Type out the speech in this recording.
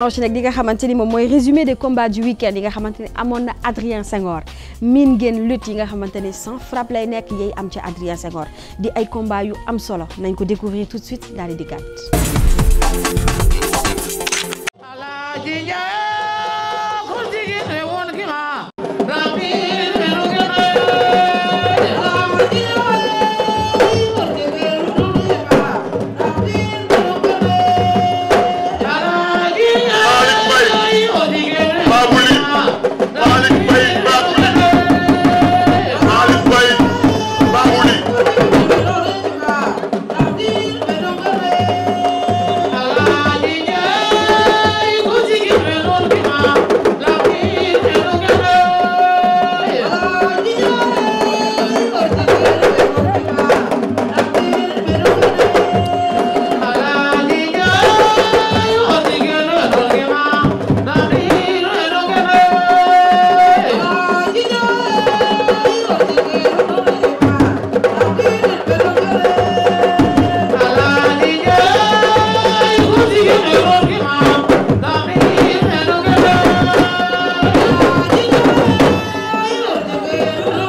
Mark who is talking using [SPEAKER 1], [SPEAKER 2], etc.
[SPEAKER 1] enchaîné ak li nga xamante ni moom mooy résumé des combats du week-end yi nga xamante ni amoon na Adrien Senghor miin ngeen lutte yi nga xamante ni sans lay nekk yay am ci Adrien Senghor di ay combats yu am solo nañ ko découvrir tout de suite daal di dikkaat
[SPEAKER 2] Thank you.